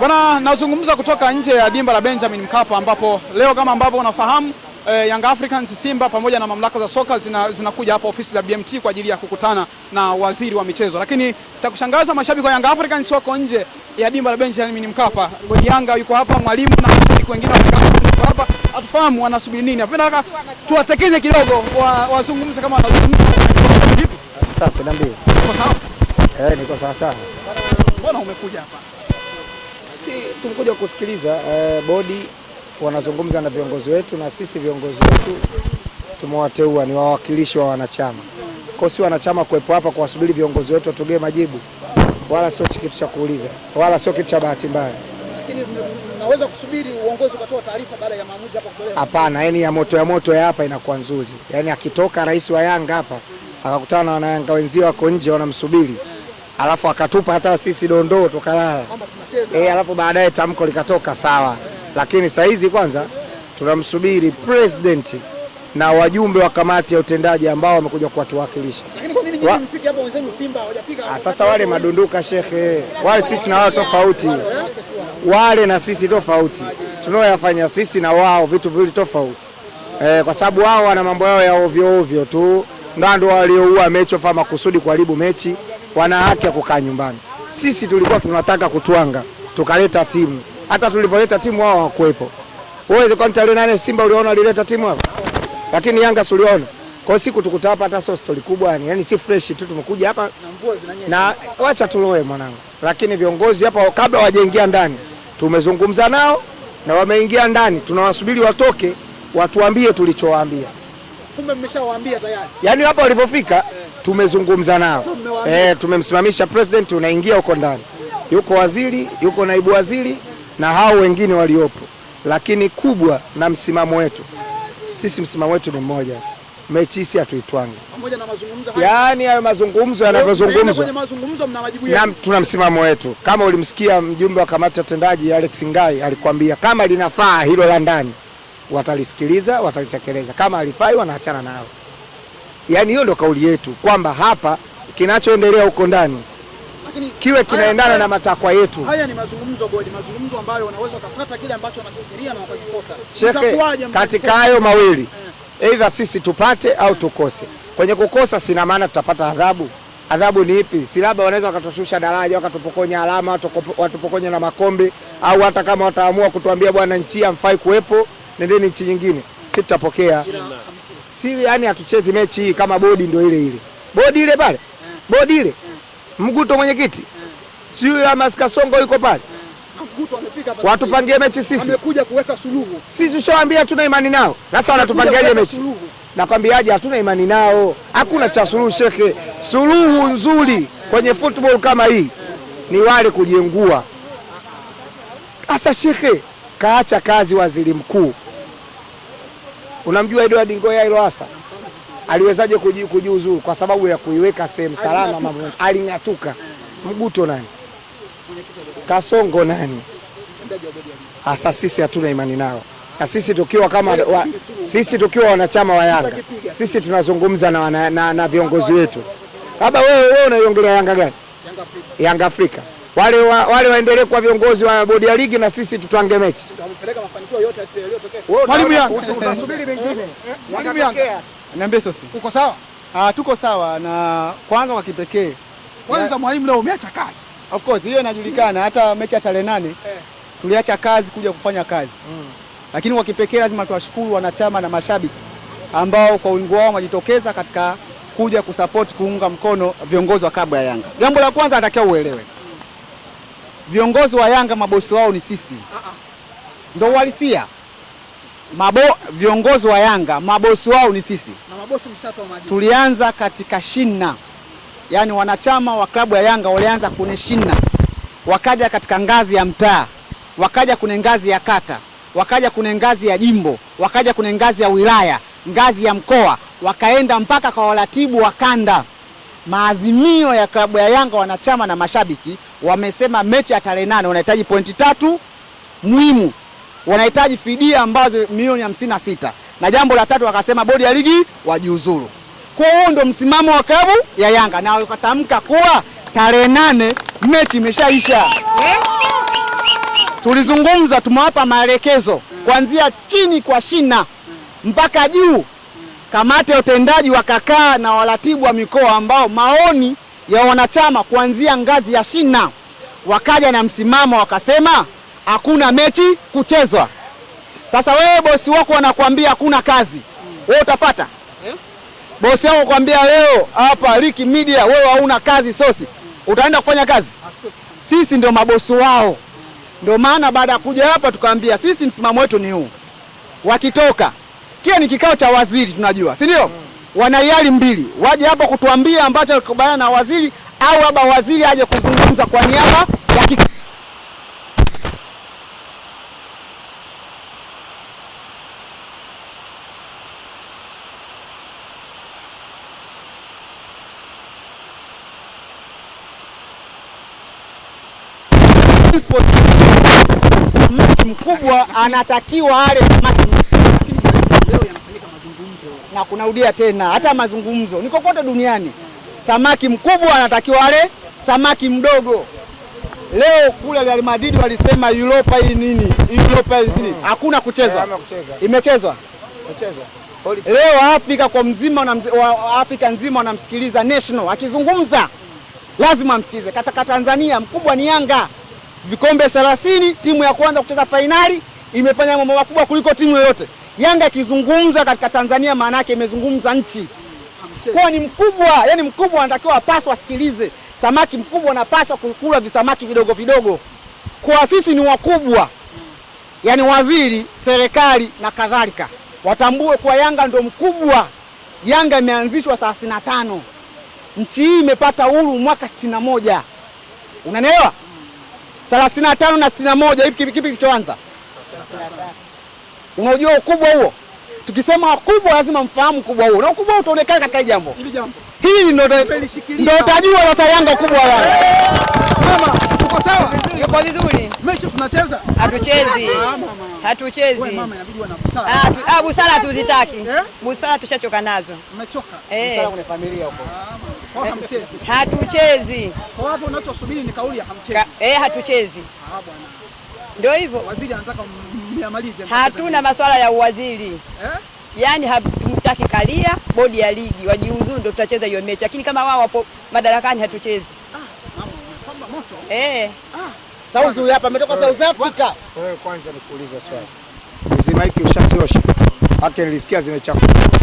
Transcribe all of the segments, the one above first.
Bwana, nazungumza kutoka nje ya dimba la Benjamin Mkapa ambapo leo kama ambavyo unafahamu e, Young Africans Simba pamoja na mamlaka za soka zinakuja zina hapa ofisi za BMT kwa ajili ya kukutana na waziri wa michezo, lakini cha kushangaza mashabiki wa Young Africans wako nje ya dimba la Benjamin Mkapa. Yanga yuko hapa, mwalimu na mashabiki wengine wako hapa, hatufahamu wanasubiri nini. Napenda tuwatekeze kidogo, wazungumze kama wanazungumza. Safi, niambie. Uko Eh, niko sawa sawa. Mbona umekuja hapa? Sisi tumekuja kusikiliza eh, bodi wanazungumza na viongozi wetu, na sisi viongozi wetu tumewateua ni wawakilishi wa wanachama. Kwa si wanachama kuwepo hapa kuwasubiri viongozi wetu watugee majibu, wala sio kitu cha kuuliza, wala sio kitu cha bahati mbaya. Naweza kusubiri uongozi ukatoa taarifa baada ya maamuzi hapa kutolewa? Hapana, yani ya moto ya moto ya hapa inakuwa nzuri. Yani akitoka rais wa Yanga hapa akakutana na wanayanga wenzio wako nje wanamsubiri alafu akatupa hata sisi dondoo tukalala eh, alafu baadaye tamko likatoka sawa, lakini sahizi kwanza tunamsubiri president na wajumbe wa kamati ya utendaji ambao wamekuja kuwatuwakilisha. Wa... Ah, sasa wale madunduka shekhe, wale sisi na wao tofauti, wale na sisi tofauti, tunaoyafanya sisi na wao vitu viwili tofauti eh, kwa sababu wao wana mambo yao ya ovyo ovyo tu, ndio walioua mechi kwa makusudi kuharibu mechi wana haki ya kukaa nyumbani. Sisi tulikuwa tunataka kutwanga, tukaleta timu. Hata tulivyoleta timu wao hawakuwepo. Wewe kwa tarehe nane Simba uliona alileta timu hapa, lakini Yanga uliona? kwa siku tukuta hapa, hata sio stori kubwa yani, yani si fresh tu, tumekuja hapa na wacha tuloe mwanangu. Lakini viongozi hapa kabla wajaingia ndani tumezungumza nao na wameingia ndani, tunawasubiri watoke watuambie tulichowaambia. Kumbe mmeshawaambia tayari, yani hapa walipofika tumezungumza nao e, tumemsimamisha president, unaingia huko ndani, yuko waziri, yuko naibu waziri na hao wengine waliopo, lakini kubwa na msimamo wetu sisi, msimamo wetu ni mmoja, mechi hisi hatuitwangi. Yaani hayo mazungumzo yanavyozungumzwa na tuna msimamo wetu, kama ulimsikia mjumbe wa kamati ya tendaji Alex Ngai alikwambia kama linafaa hilo la ndani watalisikiliza, watalitekeleza, kama halifai wanaachana nao. Yaani hiyo ndo kauli yetu kwamba hapa kinachoendelea huko ndani kiwe kinaendana na matakwa yetu. Haya ni mazungumzo bodi, mazungumzo ambayo wanaweza kupata kile ambacho unakifikiria na wakakikosa. katika hayo mawili eh. aidha sisi tupate au tukose. Kwenye kukosa sina maana tutapata adhabu. Adhabu ni ipi? Si labda wanaweza wakatushusha daraja, wakatupokonya alama, watupokonya na makombe, au hata kama wataamua kutuambia bwana, nchi amfai kuwepo, nendeni nchi nyingine, si tutapokea si yani hatuchezi mechi hii kama bodi ndio ile ile. Bodi ile pale. Bodi ile. Mguto mwenyekiti. Sio la maskasongo yuko pale. Watupangie mechi sisi. Amekuja kuweka suluhu. Sisi tushawaambia tuna imani nao. Sasa wanatupangiaje mechi? Nakwambiaje hatuna imani nao. Hakuna cha suluhu shekhe. Suluhu nzuri kwenye football kama hii ni wale kujengua. Sasa shekhe, kaacha kazi waziri mkuu. Unamjua Edward Ngoya hasa aliwezaje kujiuzuru? Kwa sababu ya kuiweka sehemu salama mambo. Aling'atuka mguto nani? Kasongo nani? Hasa sisi hatuna imani nao, na sisi tukiwa kama wa, sisi tukiwa wanachama wa Yanga sisi tunazungumza na, na, na, na viongozi wetu. Baba wewe wewe unaiongelea Yanga gani? Yanga Afrika wale waendelee kwa viongozi wa bodi ya ligi na sisi tutange mechi kupeleka mafanikio yote yaliyotokea. Mwalimu mengine. Hmm? Mwalimu niambie sosi, uko sawa? Ah, tuko sawa na kwanza, kwa kipekee kwanza, mwalimu leo umeacha kazi. Of course hiyo inajulikana, hata mechi ya tarehe nane eh. tuliacha kazi kuja kufanya kazi, hmm. lakini kwa kipekee lazima tuwashukuru wanachama na mashabiki ambao kwa wingi wao wamejitokeza katika kuja kusapoti kuunga mkono viongozi wa klabu ya Yanga. Jambo la kwanza natakiwa uelewe, viongozi wa Yanga mabosi wao ni sisi. Ah, ah. Ndio uhalisia. Mabo viongozi wa Yanga mabosi wao ni sisi na mabosi mshato wa tulianza katika shina, yaani wanachama wa klabu ya Yanga walianza kwenye shina, wakaja katika ngazi ya mtaa, wakaja kwenye ngazi ya kata, wakaja kwenye ngazi ya jimbo, wakaja kwenye ngazi ya wilaya, ngazi ya mkoa, wakaenda mpaka kwa waratibu wa kanda. Maazimio ya klabu ya Yanga, wanachama na mashabiki wamesema mechi ya tarehe nane wanahitaji pointi tatu muhimu wanahitaji fidia ambazo milioni hamsini na sita na jambo la tatu wakasema bodi ya ligi wajiuzuru. Kwa hiyo ndo msimamo wa klabu ya Yanga na wakatamka kuwa tarehe nane mechi imeshaisha. Tulizungumza, tumewapa maelekezo kuanzia chini kwa shina mpaka juu. Kamati ya utendaji wakakaa na waratibu wa mikoa ambao maoni ya wanachama kuanzia ngazi ya shina wakaja na msimamo wakasema hakuna mechi kuchezwa. Sasa wewe bosi wako anakuambia hakuna kazi, wewe utapata eh? bosi wako kwambia leo hapa Liki Media wewe hauna kazi sosi, utaenda kufanya kazi? Sisi ndio mabosi wao. Ndio maana baada ya kuja hapa tukaambia sisi msimamo wetu ni huu, wakitoka kia ni kikao cha waziri, tunajua si ndio? Wana mbili, waje hapa kutuambia ambacho kubaya na waziri, au aba waziri aje kuzungumza kwa niaba ya Samaki mkubwa anatakiwa ale samaki na kunarudia tena, hata mazungumzo niko kokote duniani, samaki mkubwa anatakiwa ale samaki mdogo. Leo kule Real Madrid walisema Europa hii nini, Europa hii nini, hakuna kucheza, imechezwa leo. Afrika kwa mzima na Afrika nzima wanamsikiliza national akizungumza, lazima amsikilize. Kataka Tanzania mkubwa ni Yanga vikombe 30, timu ya kwanza kucheza fainali, imefanya mambo makubwa kuliko timu yoyote. Yanga ikizungumza katika Tanzania, maana yake imezungumza nchi kwa ni mkubwa, yani mkubwa anatakiwa apaswa asikilize. Samaki mkubwa anapaswa kukula visamaki vidogo vidogo. Kwa sisi ni wakubwa, yani waziri, serikali na kadhalika watambue kuwa Yanga ndio mkubwa. Yanga imeanzishwa thelathini na tano, nchi hii imepata uhuru mwaka sitini na moja. Unanielewa? thelathini na tano na sitini na moja Hivi kipi kilichoanza? Unajua ukubwa huo, tukisema kubwa lazima mfahamu ukubwa huo, na ukubwa huo utaonekana katika jambo hili. Ndio utajua sasa Yanga kubwa ah, busara, ah, ah, eh? tuzitaki eh? busara, tushachoka nazo. Mmechoka eh. busara, kuna familia huko hatuchezi. Kwa hapo unachosubiri ni kauli ya hamchezi. Eh, hatuchezi. Ah bwana. Ndio hivyo. Waziri anataka mmalize. Hatuna masuala ya uwaziri. Eh? Yaani hatumtaki Kalia, bodi ya ligi wajiuzuru, ndio tutacheza hiyo mechi, lakini kama wao wapo madarakani hatuchezi. Ah, mama, kwamba moto. Eh. Ah. Sauzi huyu hapa ametoka eh, South Africa. Wewe eh, kwanza nikuulize swali. Hizi maiki ushaziosha. Hata nilisikia zimechafuka.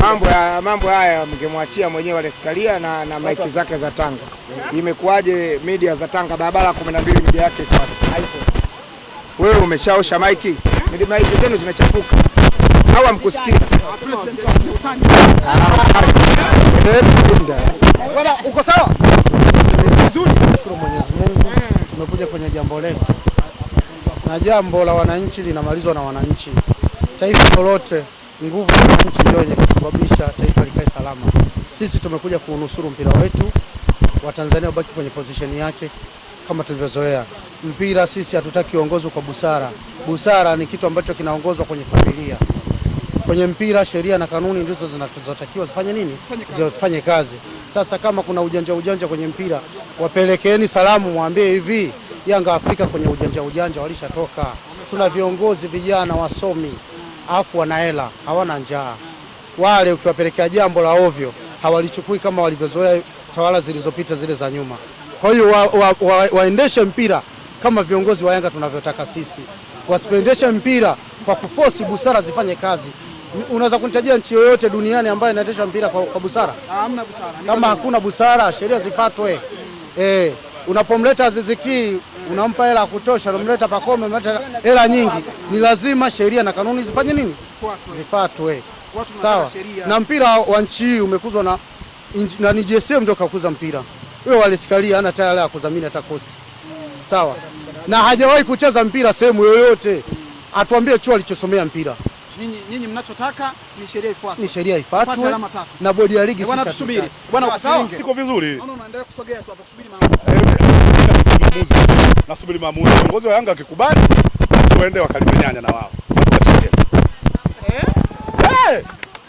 Mambo ya mambo haya mkimwachia mwenyewe Leskaria na, na maiki zake za Tanga. Imekuwaje media za Tanga barabara 12 media yake kwa iPhone. Wewe umeshaosha maiki? Maiki zenu zimechafuka au hamkusikia? Uko sawa? Vizuri. Shukuru Mwenyezi Mungu tumekuja kwenye jambo letu na jambo la wananchi linamalizwa na wananchi taifa lolote, nguvu ya nchi ndio yenye kusababisha taifa likae salama. Sisi tumekuja kuunusuru mpira wetu wa Tanzania ubaki kwenye pozisheni yake kama tulivyozoea mpira. Sisi hatutaki uongozwe kwa busara. Busara ni kitu ambacho kinaongozwa kwenye familia. Kwenye mpira, sheria na kanuni ndizo zinazotakiwa zifanye nini, zifanye kazi. Sasa kama kuna ujanja ujanja kwenye mpira, wapelekeeni salamu, mwambie hivi Yanga Afrika kwenye ujanja ujanja walishatoka. Tuna viongozi vijana wasomi afu wana hela, hawana njaa. Wale ukiwapelekea jambo la ovyo hawalichukui kama walivyozoea tawala zilizopita zile za nyuma. Kwa hiyo wa, wa, wa, waendeshe mpira kama viongozi wa Yanga tunavyotaka sisi, wasipendeshe mpira kwa kufosi. Busara zifanye kazi. Unaweza kunitajia nchi yoyote duniani ambayo inaendesha mpira kwa, kwa busara? Hamna busara. Kama hakuna busara, sheria zifatwe. Mm. Eh, unapomleta Aziziki unampa hela ya kutosha, unamleta Pakome, unamleta hela nyingi, ni lazima sheria na kanuni zifanye nini, zifuatwe. Sawa na mpira wa nchi hii umekuzwa na na ni JSM ndio kakuza mpira. Wewe walisikalia ana tayari ya kudhamini hata cost. Sawa na hajawahi kucheza mpira sehemu yoyote, atuambie chuo alichosomea mpira. Nyinyi nyinyi mnachotaka ni sheria ifuatwe, ni sheria ifuatwe na bodi ya ligi. Eh, bwana tusubiri, bwana uko sawa, iko vizuri. Unaendelea kusogea tu hapo, subiri maana eh, maamuzi, nasubiri maamuzi. Viongozi wa Yanga wakikubali basi waende wakalimenyanya na wao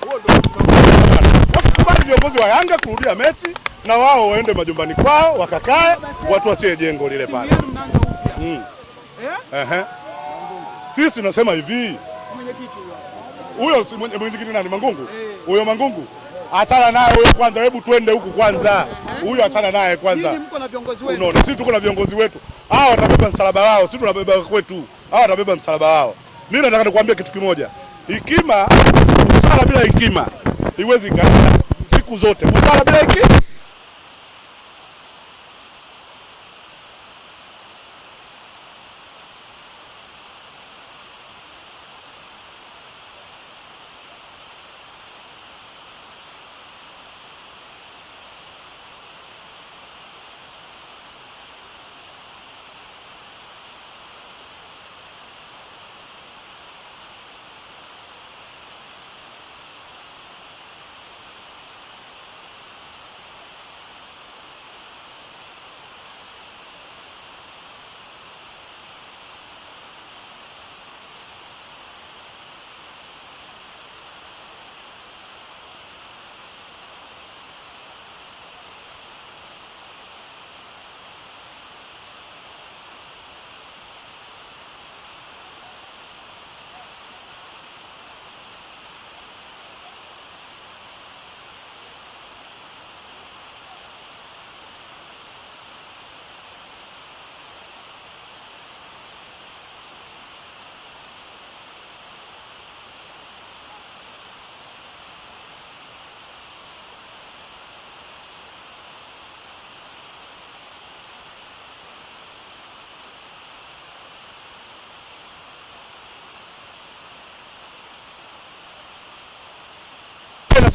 Wakikubali eh! viongozi wa Yanga kurudia mechi na wao waende majumbani kwao wakakae, watu wachie jengo lile pale mm. yeah? Sisi tunasema hivi, huyo mwenyekiti nani, Mangungu eh. huyo, Mangungu achana naye huyo kwanza, hebu twende huku kwanza, huyo achana naye kwanza. Unaona, sisi tuko na viongozi wetu, hawa watabeba msalaba wao, sisi tunabeba kwetu, hawa watabeba msalaba wao. Mimi nataka nikuambia kitu kimoja, hekima, busara bila hekima iwezi kaenda siku zote, busara bila hekima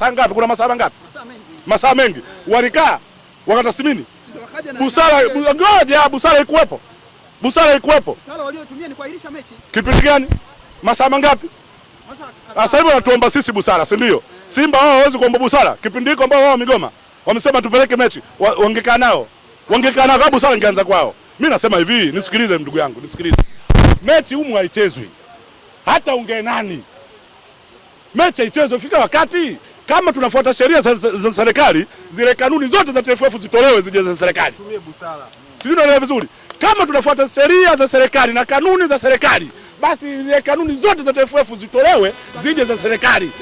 masaa ngapi? Kuna masaa ngapi? Masaa mengi walikaa wakatasimini busara ngoja, busara ikuwepo, busara ikuwepo. kipindi gani? Masaa mangapi? Sasa hivi wanatuomba sisi busara, si ndio? Simba wao hawezi kuomba busara kipindi hiko ambao wao Migoma wamesema tupeleke mechi, wangekaa nao, wangekaa nao kwa busara, ingeanza kwao. Mi nasema hivi, nisikilize ndugu yangu, nisikilize. Mechi humu haichezwi, hata unge nani, mechi haichezwi, fika wakati kama tunafuata sheria za serikali, zile kanuni zote za TFF zitolewe zije za serikali. Tumie busara. Sijui vizuri. Kama tunafuata sheria za serikali na kanuni za serikali, basi zile kanuni zote za TFF zitolewe zije za serikali.